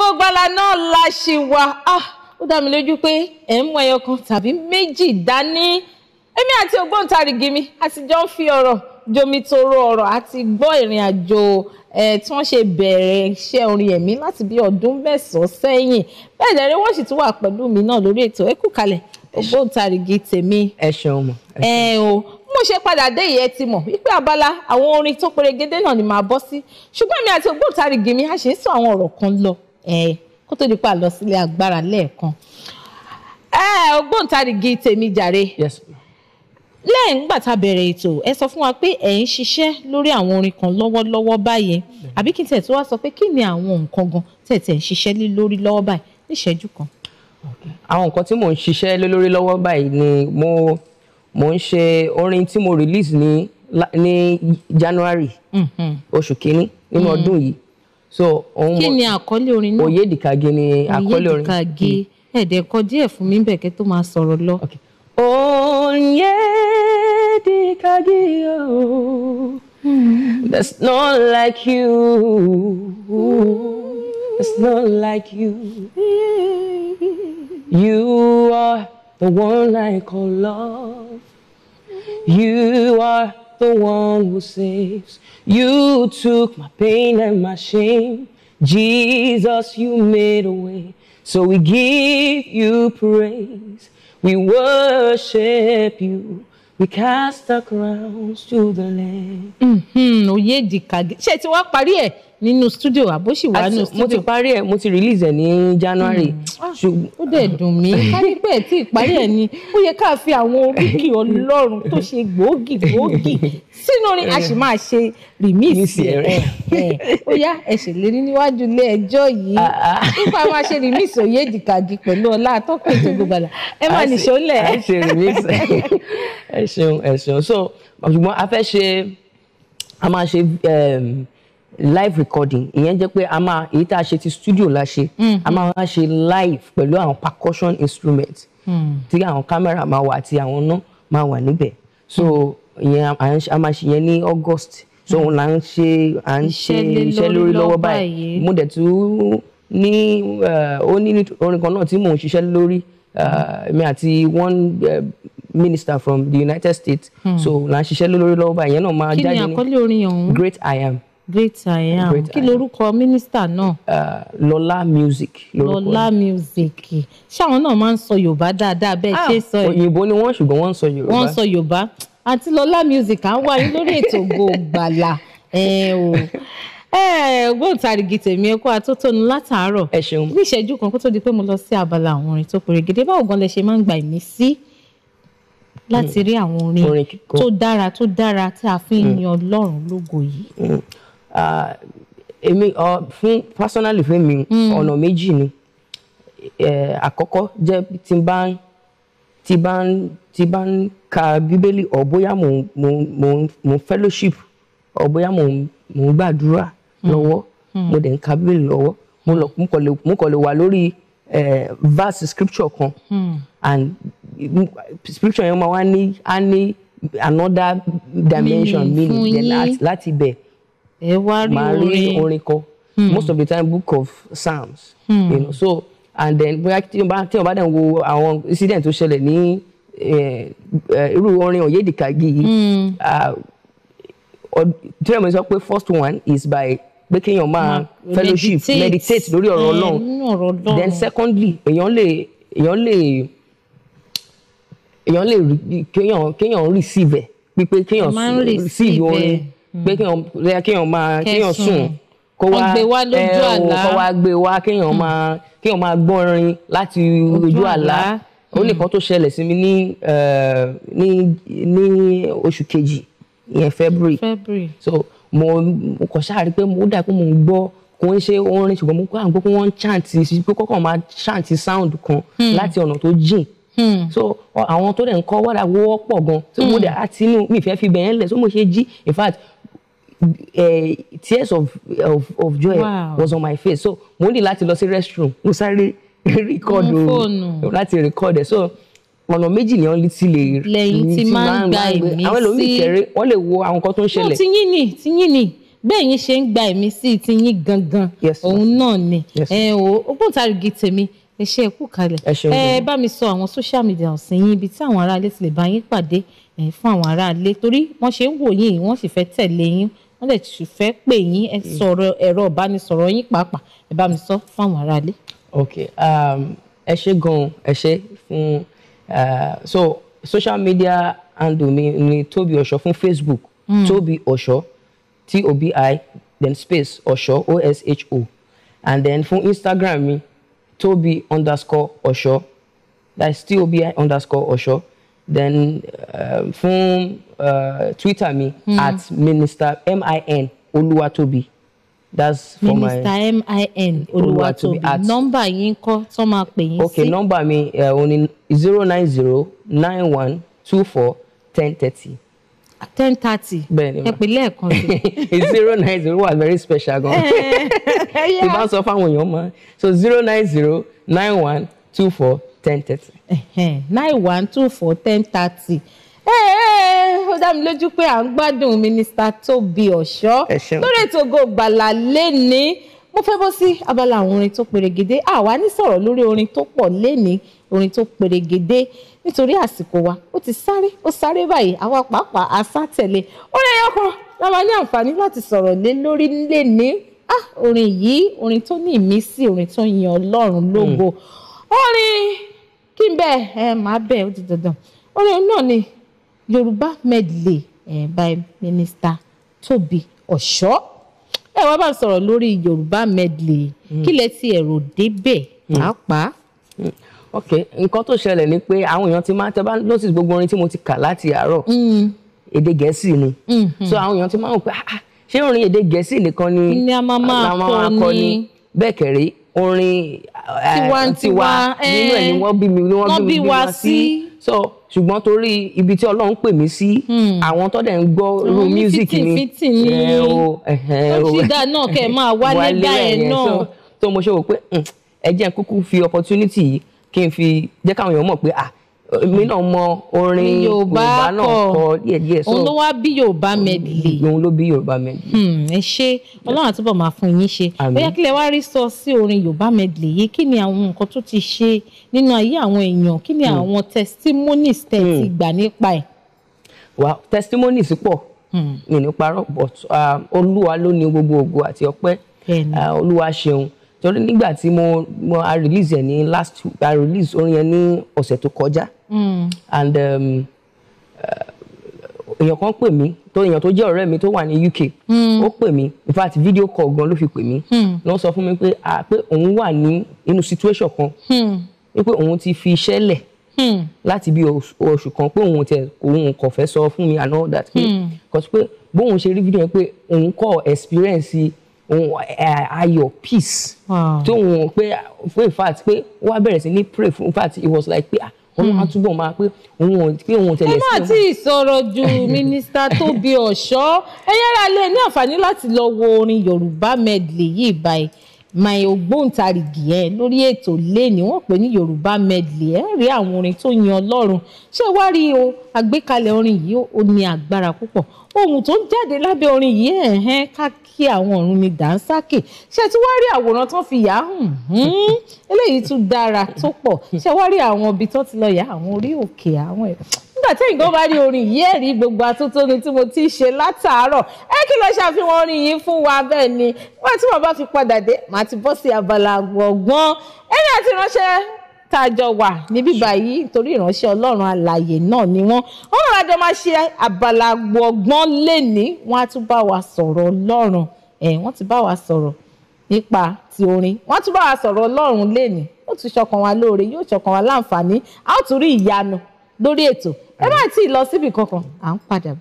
Ògo Ìgbàlà náà la ṣì wà ah, ó dá mi lójú pé ẹ̀ ń mú ẹyọ tàbí méjì dání èmi àti ògbóǹtarìgì mi a ti jọ ń fi ọ̀rọ̀ jomitoro ọ̀rọ̀ àti gbọ́ ìrìn àjò ẹ̀ tí wọ́n ṣe bẹ̀rẹ̀ iṣẹ́ orin ẹ̀mí láti bí ọdún mẹ́sàn-án sẹ́yìn bẹ́ẹ̀ lẹ́rẹ́ sì tún wà pẹ̀lú mi náà lórí ètò ẹ kú ògbóǹtarìgì tèmi. ẹ ṣeun ẹ o mo ṣe padà dé ìyẹn ti mọ̀ wípé abala àwọn orin tó perégedé náà ni màá bọ́ sí ṣùgbọ́n mi àti ògbóǹtarìgì mi a ṣe ń sọ àwọn ọ̀rọ̀ kan lọ Eh, kó tó di pa lọ sílé agbára lẹ́ẹ̀kan eh, ògbóǹtarìgì tèmi jàre lẹ́yìn nígbà tá a bẹ̀rẹ̀ ètò ẹ sọ fún wa pé ẹ̀ ń ṣiṣẹ́ lórí àwọn orin kan lọ́wọ́lọ́wọ́ báyìí àbí kí n tẹ̀ tó wá sọ pé kí ni àwọn nǹkan gan tẹ̀tẹ̀ ń ṣiṣẹ́ lé lórí lọ́wọ́ báyìí níṣẹ́jú kan. àwọn nǹkan tí mò ń ṣiṣẹ́ lé lórí lọ́wọ́ báyìí ni mo mo ń ṣe orin tí mo release ní ní January mm-hmm. oṣù kínní nínú mm-hmm. ọdún yìí so òun mọ kí ni àkọlé orin náà Oyèdìkagé ni àkọlé orin Oyèdìkagé ẹ̀dẹ̀ kọ díẹ̀ fún mi bẹ́ẹ̀ kẹ́ tó máa sọ̀rọ̀ lọ. Oyèdìkagé o there's none like you there's none like you you are the one I call love you are. the one who saves. You took my pain and my shame. Jesus, you made a way. So we give you praise. We worship you. we cast our crowns to the land. Mm-hmm. oyè dìkàgé ṣé ti wá parí ẹ nínú studio àbóṣì wà nínú studio. mo ti parí ẹ mo ti release ẹ ní january. Mm. Ah, ó dẹ̀ dùn mí kánípẹ̀ tí ìparí ẹ̀ ni ó yẹ ká fi àwọn oríkì ọlọ́run tó ṣe gbòógì gbòógì sínú ni a eh. sì máa ṣe rìmíìsì ẹ eh, eh. ó yá ẹ ṣèlérí níwájú ilé ẹjọ́ yìí ah, ah. nípa máa ṣe rìmíìsì òye èjìkàjì pẹ̀lú ọlá àtọkùn ètò gbogbalà ẹ máa nìṣó lẹ. a ṣe rìmíìsì ẹ ṣeun ẹ ṣeun so ṣùgbọ́n a fẹ́ ṣe a máa ṣe ehm, live recording ìyẹn jẹ́ pé a máa èyí tá a ṣe ti studio la ṣe mm-hmm. a máa wá ṣe live pẹ̀lú àwọn percussion instrument hmm. tí àwọn camera máa wà àti àwọn náà máa wà níbẹ̀ so. Mm yẹn a máa ṣe yẹn ní August so òun hmm. là ń ṣe à ń ṣe iṣẹ́ lórí lọ́wọ́ báyìí mo dẹ̀ tún ní eh, ó ní orin kan náà tí mò ń ṣiṣẹ́ lórí eh, mi àti one eh, minister from the United States hmm. so là ń ṣiṣẹ́ lórí lọ́wọ́ báyìí yẹn náà máa jáde ní Great I Am great i am kí lorúkọ mínísítà náà. lọlá music lorúkọ lọlá music ṣé àwọn náà máa ń sọ yorùbá dáadáa bẹ́ẹ̀ ah, ṣe sọ yìí. òyìnbó ni wọ́n ṣùgbọ́n wọ́n ń sọ yorùbá. wọ́n ń sọ yorùbá àti lọ́lá music à ń wá yín lórí ètò Ògo Ìgbàlà gbóòtarìgì tèmi ẹ kú atótónu látàárọ̀ ẹ ṣeun ní ìṣẹ́jú kan kó tó di pé mo lọ sí abala àwọn orin tó pèrègede báwo gan lẹ ṣe máa ń gba ìmísí láti rí àwọn orin tó dára tó dára tí a fi ń hmm. yan Ọlọ́run lógo yìí. Hmm. èmi fún personally fún mi hmm. ọ̀nà méjì ni àkọ́kọ́ jẹ́ tí n bá ń tí bá ń tí bá ń ka bíbélì ọ̀ bóyá mò ń mò ń mò ń fellowship ọ̀ bóyá mò ń mò ń gbàdúrà hmm. lọ́wọ́ mo hmm. dẹ̀ ń ka bíbélì lọ́wọ́ mo lọ mo kọ̀ lè mo kọ̀ lè wà lórí verse scripture kan hmm. and scripture yẹn máa wá ní á ní another dimension meaning then láti bẹ̀ máa rí orin kan most of the time book of psalms. Hmm. You know, so and then bóyá tí wọn bá tí wọn bá dẹ̀ wo àwọn incident tó ṣẹlẹ̀ ní eh, eh, irú orin Oyedikagi hmm. tí wọn sọ pé first one is by pé kéèyàn máa fellowship meditate lórí eh, ọ̀rọ̀ Ọlọ́run then secondly èèyàn lè èèyàn lè èèyàn lè kéèyàn kéèyàn receive ẹ̀ pípé kéèyàn receive orin hmm. pé kéèyàn kéèyàn máa kéèyàn sùn kó wá kó wá gbé wá kéèyàn hmm. máa kí wọ́n máa gbọ́n rin láti ojú àlá ó nìkan hmm. tó ṣẹlẹ̀ sí mi ní eh, ní ní oṣù kejì ìyẹn February so mo mo kàn ṣáà rí i pé mo dà pé mo ń gbọ́ kò ń ṣe orin ṣùgbọ́n mo kọ́ àwọn pé wọ́n ń chant pé kọ́kọ́ máa chant sound kan hmm. láti ọ̀nà tó jìn hmm. so àwọn tó dẹ̀ ń kọ́ wàdà wọ́pọ̀ gan so mo dẹ̀ àtinú mi ìfẹ́ fi bẹ̀yẹn lẹ̀ so mo ṣe jí in fact uh, tears of of of joy wow. was on my face so mo ní láti lọ sí restroom mo sáré record o láti record ẹ so ọ̀nà méjì ni wọ́n ti lè lẹ́yìn tí máa ń gba ẹ̀mí sí àwọn ẹlòmíì kẹrẹ wọ́n lè wo àwọn nǹkan tó ń ṣẹlẹ̀. tiyín ni tiyín ni bẹ́ẹ̀ yín ṣe ń gba ẹ̀mí sí tiyín gangan òun náà ni ògbóǹtarìgì tèmi ẹ ṣe ẹ kú kalẹ̀ ẹ bá mi sọ àwọn social media ọ̀sìn yín ibi tí àwọn aráalé ti lè bá yín pàdé fún àwọn aráalé torí wọ́n ṣe ń wò yín wọ́n sì fẹ́ tẹ̀lé yín wọ́n dẹ̀ sì fẹ́ pè yín ẹ mm. sọ̀rọ̀ ẹ̀rọ ìbánisọ̀rọ̀ yín pàápàá ẹ bá mi sọ fáwọn aráalé. ok um, ẹ ṣe gan ẹ ṣe fún uh, so social media handle mi ni Tobi Osho fún Facebook mm. Tobi Osho t-o-b-i then space Osho o-s-h-o and then fún Instagram mi Tobi underscore Osho that's t-o-b-i underscore Osho then uh, fún uh, twitter me mm. at minister min Oluwatobi. that's for minister my minister min olúwatóbi at nọ́mbà yín kọ́ tó máa pè yín sí. okay number mi uh, òun zero nine zero nine one two four ten thirty ten thirty bẹ́ẹ̀ni ma ẹ pè lẹ́ẹ̀kan zero nine zero was very special gan. ìbá sọ fáwọn èèyàn mọ so zero nine zero nine one two four ten thirty. nine one two four ten thirty ó dá mi lójú pé à ń gbádùn mínísítà Tóbi Ọ̀ṣọ́ lórí ètò Ògo Ìgbàlà lẹ́ni mo fẹ́ bọ́ sí abala àwọn orin tó perégedé àwa ní sọ̀rọ̀ lórí orin tó pọ̀ lẹ́ni orin tó perégedé nítorí àsìkò wa ó ti sáré ó sáré báyìí àwa pàápàá asátẹ̀lé orin ẹyọ kan làwa ní àǹfààní láti sọ̀rọ̀ lé lórí lẹ́ni orin yìí orin tó ní ìmísí orin tó yan Ọlọ́run lógo hmm. orin. Mm kí n bẹ́ẹ̀ ẹ máa bẹ́ẹ̀ ó ti dandan orin náà ni Yorùbá medley eh, by Minister Tóbi Ọ̀ṣọ́ ẹ wá bá ń sọ̀rọ̀ lórí Yorùbá medley hmm. kí lẹ ti ẹ̀rọ débẹ̀ hmm. pàápàá. Hmm. ok nǹkan tó ṣẹlẹ̀ ni pé àwọn èèyàn ti máa ń tẹ́bá notice gbogbo orin tí mo ti kà láti àárọ̀ èdè gẹ̀ẹ́sì ni so àwọn èèyàn ti máa ń wò pé ah, ah, ṣé orin èdè gẹ̀ẹ́sì nìkan ni la máa kọ ni bẹ́ẹ̀ kẹ̀rí orin tiwantiwa eh, eh, nínú ẹ̀ ni wọ́n bí mi wọ́n bí mi wá sí so ṣùgbọ́n torí ibi tí Ọlọ́run pè mí sí hmm. àwọn tó dẹ̀ ń gbọ́ ru music ni ẹ eh, o ó ti dá náà kẹ́ ẹ máa wálé gbá ẹ náà tó mo ṣe wò pé hmm, ẹ jẹ́ kúkú fi opportunity yìí kí n fi jẹ́ káwọn èèyàn mọ̀ pé ah èmi náà mọ orin yorùbá náà kọ díẹ̀díẹ̀ so òun ló wá bí yorùbá medley mm, mm, òun ló bí yorùbá medley. Hmm, ẹ ṣe ọlọ́run àtúbọ̀ máa fún yín ṣe bóyá kílẹ̀ wá rí sọ sí orin yorùbá medley yìí kí ni àwọn nǹkan tó ti ṣe nínú ayé àwọn èèyàn kí ni hmm. àwọn testimonies tẹ̀ ti hmm. gbà nípa ẹ̀. wà testimonies pọ̀ mi ní parọ́ but ah, olúwa ló ní gbogbo ògo àti ọpẹ́ ah, olúwa ṣeun torí nígbà tí mo mo I release yẹn ní last I release orin yẹn ní ọ̀sẹ̀ tó kọjá hmm. and um, uh, èèyàn kan pè mí tó èèyàn tó jẹ́ ọ̀rẹ́ mi tó wà ní UK hmm. ó pè mí in fact video call gan ló fi pè mí hmm. ló ń sọ fún mi pé à pé òun wà ní inú situation kan wípé òun ti fi iṣẹ́ lẹ̀ láti bí oṣù kan pé òun tẹ òun kò fẹ́ sọ fún mi and all that pé kò sí pé bóun ṣe rí video yẹn pé òun kọ́ experience ayọ̀ peace tó wọn pé pé in fact pé ó wá bẹ̀rẹ̀ sí ní pray fún in fact it was like pé wọn ah, á hmm. túbọ̀ máa pé òun pé òun tẹ̀lé sí. ẹ má tí ì sọ̀rọ̀ ju mínísítà Tóbi Ọ̀ṣọ́ ẹ yára lè ní àǹfààní láti lọ wo orin Yorùbá medley yìí báyìí my ògbóǹtarìgì yẹn eh, lórí ètò lẹ́ni wọ́n pè ní yorùbá medley ẹ̀ rí àwọn orin tó yin ọlọ́run ṣé wá rí o àgbékalẹ̀ orin yìí ó ní agbára púpọ̀ ohun tó ń jáde lábẹ́ orin yìí ẹ̀hẹ́n káàkiri àwọn ọ̀run ni dànsákè ṣé tí wá rí àwòrán tó fi yà á hùn eléyìí tún dára tó pọ̀ ṣé wá rí àwọn ibi tó ti lọ yà àwọn orí òkè àwọn ẹ̀ nígbà tí ìgbọ́n bá rí orin yìí ẹ̀rí gbogbo atótónu tí mo ti ṣe látàárọ̀ ẹ kí lọ ṣàfihàn orin yìí fún wa bẹ́ẹ̀ ni wọ́n tí wọ́n bá fi padà dé màá ti bọ́ sí abala gbọ̀ngbọ́n ẹni àti ránṣẹ́ tá a jọ wà níbí báyìí torí ìránṣẹ́ ọlọ́run àlàyé náà ni wọ́n wọ́n rà jọ máa ṣe abala gbọ̀ngbọ́n lẹ́ni wọ́n á tún bá wa sọ̀rọ̀ ọlọ́run ẹ̀ wọ́n ti bá wa sọ̀rọ̀ nípa ti orin wọ́n tún bá wa sọ̀rọ̀ ọlọ́run lẹ́ni ó tún ṣọkàn wa lóore yóò ṣọkàn wa láǹfààní a ó tún rí ìyanu lórí ètò ẹ má tí ì lọ síbi kankan à ń padà